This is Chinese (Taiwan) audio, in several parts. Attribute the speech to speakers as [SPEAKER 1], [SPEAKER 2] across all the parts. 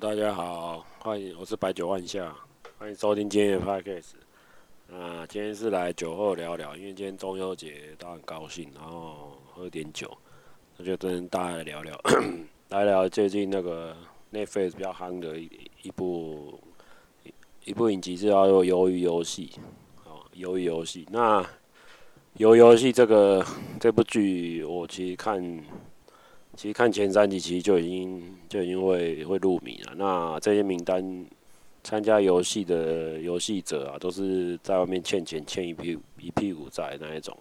[SPEAKER 1] 大家好，歡迎，我是白酒萬象，歡迎收聽今天的 podcast。啊，今天是來酒後聊聊，因為今天中秋節，都很高興，然後喝點酒，那就跟大家來聊聊，來聊了最近那個 Netflix 比較夯的一一部一部影集，叫做《魷魚遊戲》。哦，《魷魚遊戲》，那《魷魚遊戲》這個這部劇，我其實看。其實看前三集，其實就已經就已經會會入迷了。那這些名單參加遊戲的遊戲者啊，都是在外面欠錢欠一屁股一屁股債那一種。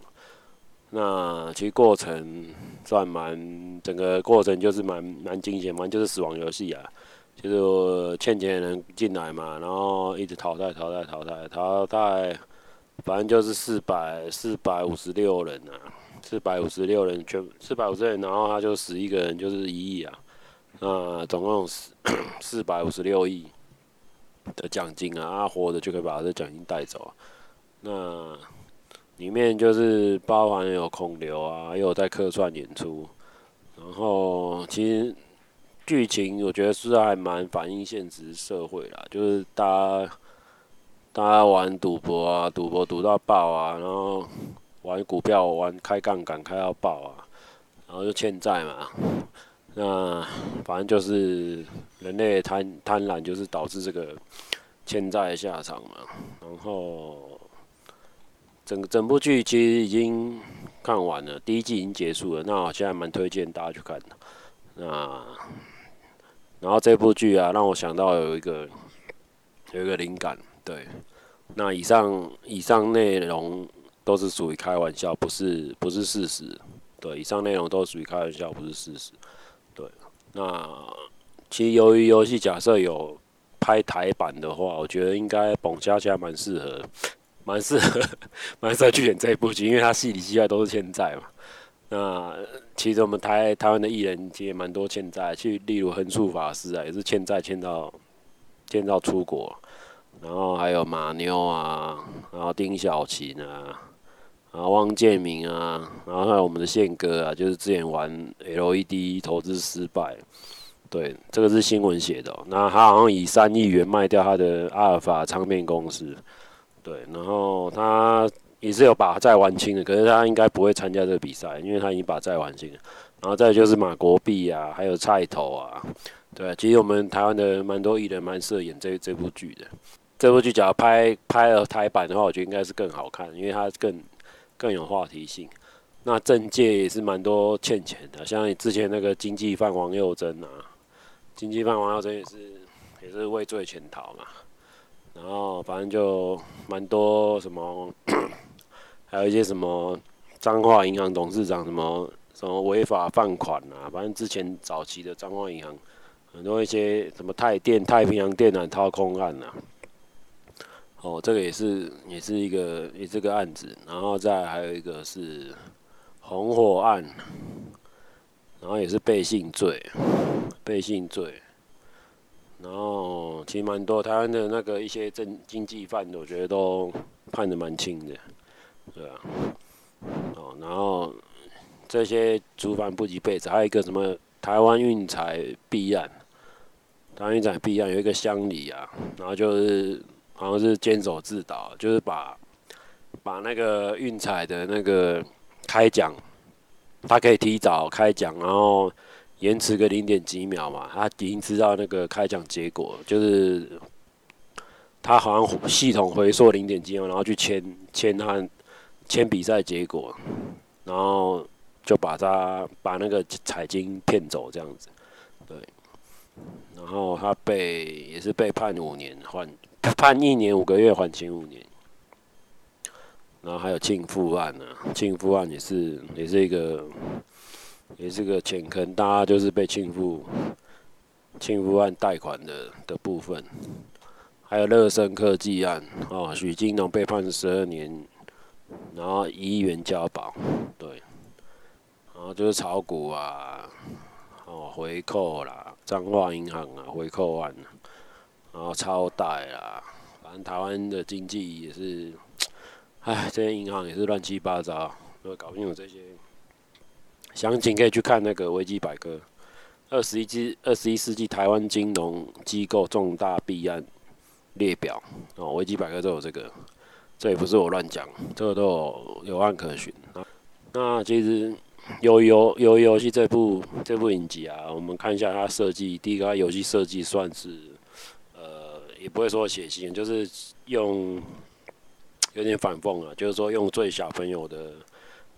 [SPEAKER 1] 那其實過程算蠻，整個過程就是蠻蠻驚險嘛，就是死亡遊戲啊。就是我欠錢的人進來嘛，然後一直淘汰淘汰淘汰淘汰，反正就是四百四百五十六人吶，四百五十六人全四百五十人，然後他就死一個人，就是一億啊！那總共四四百五十六億的獎金啊，啊，活着就可以把這獎金帶走。那裡面就是包含有孔劉啊，也有在客串演出。然後其實劇情我覺得是還蠻反映現實社會啦，就是大家大家玩賭博啊，賭博賭到爆啊，然後。玩股票，玩開槓桿，開到爆啊！然後就欠債嘛。那反正就是人類貪貪婪，就是導致這個欠債的下場嘛。然後，整整部劇其實已經看完了，第一季已經結束了。那我現在蠻推薦大家去看的。那，然後這部劇啊，讓我想到有一個有一個靈感。對，那以上以上內容。都是屬於開玩笑，不是不是事實。對，以上內容都是屬於開玩笑，不是事實。對，那其實魷魚遊戲假設有拍台版的話，我覺得應該澎恰恰蠻適合，蠻適合蠻適合去演這一部劇，因為他戲裡戲外都是欠債嘛。那其實我們台台灣的藝人其實也蠻多欠債，去例如恆述法師啊，也是欠債欠到欠到出國，然後還有馬妞啊，然後丁小芹啊。啊，汪建民啊，然後還有我們的憲哥啊，就是之前玩 LED 投資失敗，對，這個是新聞寫的哦。那他好像以三億元賣掉他的阿爾發唱片公司，對，然後他也是有把債還清的，可是他應該不會參加這個比賽，因為他已經把債還清了。然後再就是馬國畢啊，還有菜頭啊，對，其實我們台灣的蠻多藝人蠻適合演這這部劇的。這部劇假如拍拍了台版的話，我覺得應該是更好看，因為他更。更有話題性，那政界也是蠻多欠錢的，像之前那個經濟犯王佑珍啊，經濟犯王佑珍也是也是畏罪潛逃嘛，然後反正就蠻多什麼，還有一些什麼彰化銀行董事長什麼什麼違法放款啊，反正之前早期的彰化銀行很多一些什麼太電太平洋電纜掏空案啊。哦，這個也是，也是一個，也這個案子，然後再來還有一個是紅火案，然後也是背信罪，背信罪，然後其實蠻多台灣的那個一些政經濟犯，我覺得都判的蠻輕的，對啊。哦，然後這些主犯不及被子，還有一個什麼台灣運彩弊案，台灣運才弊案有一個鄉里啊，然後就是。好像是監守自盜，就是把把那個運彩的那個開獎，他可以提早開獎，然後延遲個零點幾秒嘛，他已經知道那個開獎結果，就是他好像系統回溯零點幾秒，然後去簽簽他簽比賽結果，然後就把他把那個彩金騙走這樣子，對，然後他被也是被判五年緩。判一年五個月，緩刑五年。然後還有慶富案啊，慶富案也是也是一個也是一個淺坑，大家就是被慶富慶富案貸款的的部分，還有樂升科技案哦，許金龍被判十二年，然後一億元交保，對，然後就是炒股啊，哦回扣啦，彰化銀行啊回扣案。然後超大啦，反正台灣的經濟也是，哎，這些銀行也是亂七八糟。如果搞不清楚、嗯、這些詳情，可以去看那個維基百科《二十一二十一世紀台灣金融機構重大弊案列表》哦，維基百科都有這個，這也不是我亂講，這個都有有案可循。那，那其實《魷魚遊、魷魚遊戲》這部這部影集啊，我們看一下它設計，第一個它遊戲設計算是。也不會說血腥，就是用有點反諷啊，就是說用最小朋友的、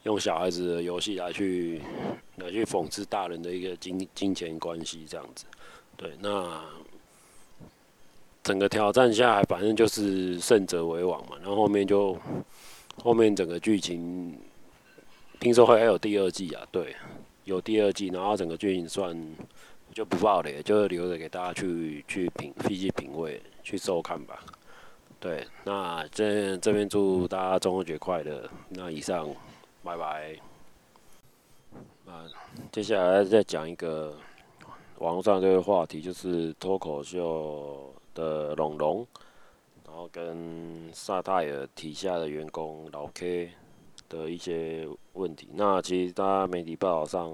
[SPEAKER 1] 用小孩子的遊戲來去來去諷刺大人的一個金金錢關係這樣子。對，那整個挑戰下來，反正就是勝者為王嘛。然後後面就後面整個劇情，聽說會還有第二季啊，對，有第二季，然後整個劇情算。就不爆了，就是留着給大家去去品細細品味，去收看吧。對，那這這邊祝大家中秋節快樂。那以上，拜拜。那接下來再講一個網絡上的這個話題，就是脫口秀的龍龍，然後跟薩泰爾旗下的員工老 K 的一些問題。那其實大家媒體報道上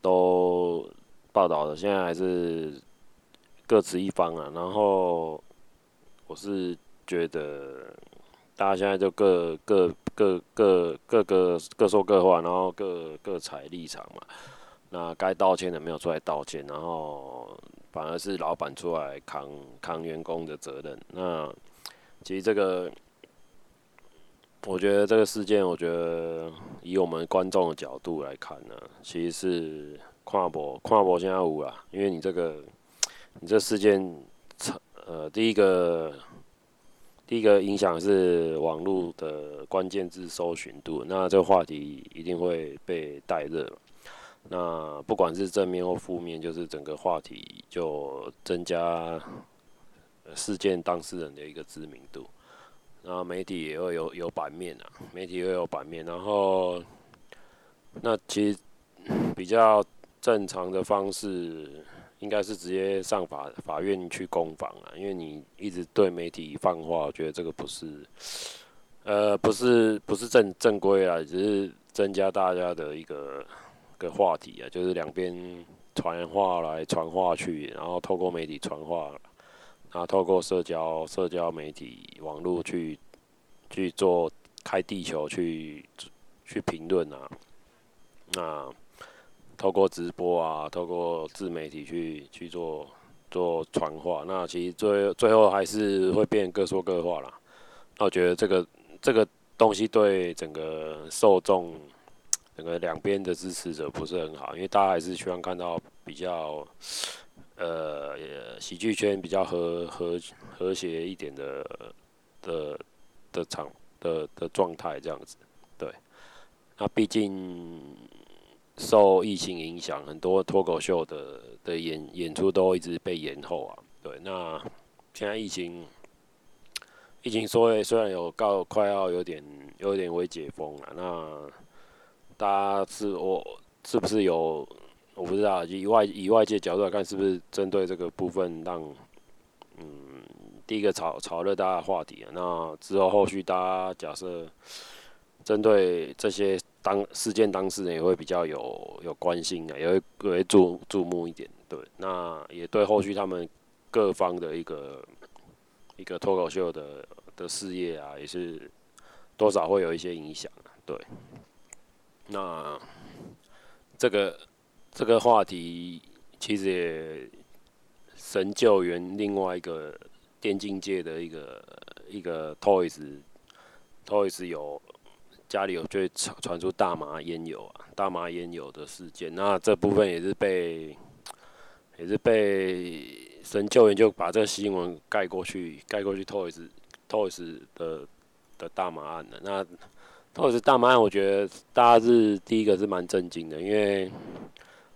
[SPEAKER 1] 都。報道的現在還是各執一方啊，然後我是覺得大家現在就各各各各，各各各各個各說各話，然後各各採立場嘛。那該道歉的沒有出來道歉，然後反而是老板出來扛扛員工的責任。那其實這個。我覺得這個事件，我覺得以我們觀眾的角度來看呢、啊，其實是跨博跨博現在五了，因為你這個你這事件，呃，第一個第一個影響是網絡的關鍵字搜尋度，那這個話題一定會被帶熱，那不管是正面或負面，就是整個話題就增加事件當事人的一個知名度。然後媒體也會有有，有版面啊，媒體會有版面。然後，那其實比較正常的方式，應該是直接上法法院去攻防啊。因為你一直對媒體放話，我覺得這個不是，呃，不是不是正正規啊，只是增加大家的一個一個話題啊，就是兩邊傳話來傳話去，然後透過媒體傳話。那、啊、透過社交社交媒體網絡去去做開地球去去評論啊，那透過直播啊，透過自媒體去去做做傳話，那其實最最後還是會變各說各話啦。那我覺得這個這個東西對整個受眾，整個兩邊的支持者不是很好，因為大家還是希望看到比較。呃，喜劇圈比較和和和諧一點的的的場的的狀態這樣子，對。那畢竟受疫情影響，很多脫口秀的的演演出都一直被延後啊。對，那現在疫情疫情所謂雖然有告快要有點有點微解封了、啊，那大家是我是不是有？我不知道，以外以外界角度來看，是不是針對這個部分讓，嗯，第一個炒炒熱大家的話題啊？那之後後續，大家假設針對這些當事件當事人，也會比較有有關心的啊，也會也會注注目一點，對。那也對後續他們各方的一個一個脫口秀的的事業啊，也是多少會有一些影響啊，對。那這個。這個話題其實也神救援另外一個電競界的一個一個 Toyz Toyz 有家裡有就傳傳出大麻煙油啊，大麻煙油的事件，那這部分也是被也是被神救援，就把這個新聞蓋過去蓋過去 Toyz Toyz 的的大麻案的。那 Toyz 大麻案我覺得大家是第一個是蠻震驚的，因為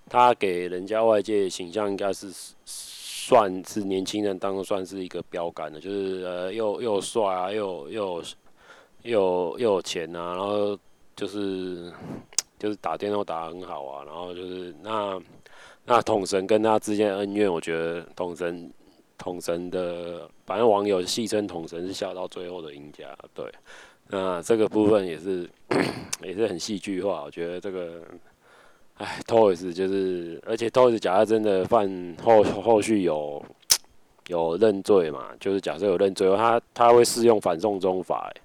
[SPEAKER 1] 他給人家外界形象應該是算是年輕人當中算是一個標桿的，就是呃又又帥啊，又又又又，又，又有錢吶，啊，然後就是就是打電話打得很好啊，然後就是那那統神跟他之間的恩怨，我覺得統神統神的，反正網友戲稱統神是笑到最後的贏家，對，那這個部分也是、嗯、也是很戲劇化，我覺得這個。哎，Toyz 就是，而且 Toyz 假設真的犯後後續有有認罪嘛，就是假設有認罪，他他會適用反送中法欸，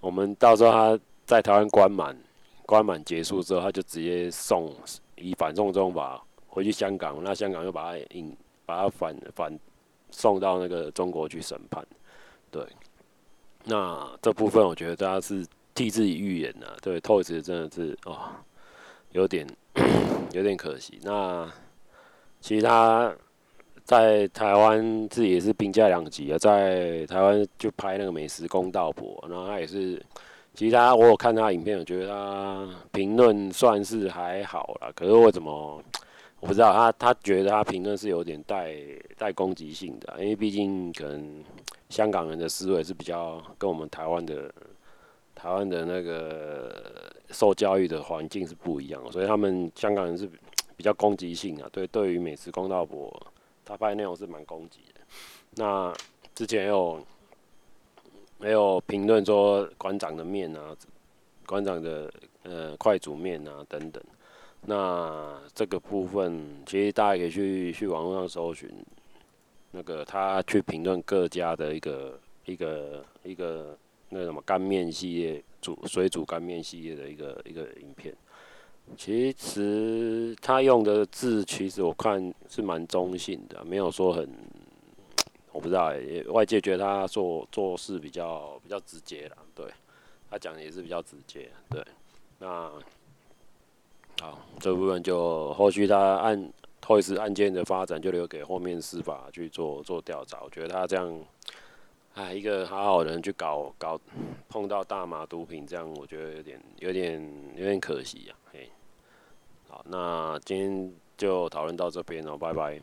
[SPEAKER 1] 我們到時候他在台灣關滿，關滿結束之後，他就直接送以反送中法回去香港，那香港又把他引把他反反送到那個中國去審判，對，那這部分我覺得大家是替自己預言的啊，對，Toyz 真的是哦。有點，有點可惜。那其實他在台灣自己也是評價兩極啊，在台灣就拍那個美食公道伯，然後他也是，其實他我有看他影片，我覺得他評論算是還好啦。可是為什麼我不知道？他他覺得他評論是有點帶帶攻擊性的，因為畢竟可能香港人的思維是比較跟我們台灣的台灣的那個。受教育的環境是不一樣的，所以他們香港人是比較攻擊性啊。對，對於美食公道伯，他拍內容是蠻攻擊的。那之前也有沒有評論說館長的麵啊，館長的呃快煮麵啊等等。那這個部分其實大家可以去去網絡上搜尋，那個他去評論各家的一個一個一個。一個那什麼乾麵系列煮水煮乾麵系列的一個一個影片，其實他用的字其實我看是蠻中性的，沒有說很，我不知道誒，外界覺得他做做事比較比較直接啦。對，他講的也是比較直接，對，那好這部分就後續他案 Toyz 案件的發展就留給後面司法去做做調查，我覺得他這樣。哎，一個好好的人去搞搞，碰到大麻毒品，這樣我覺得有點有點有點可惜呀、啊。嘿、欸，好，那今天就討論到這邊了、哦，拜拜。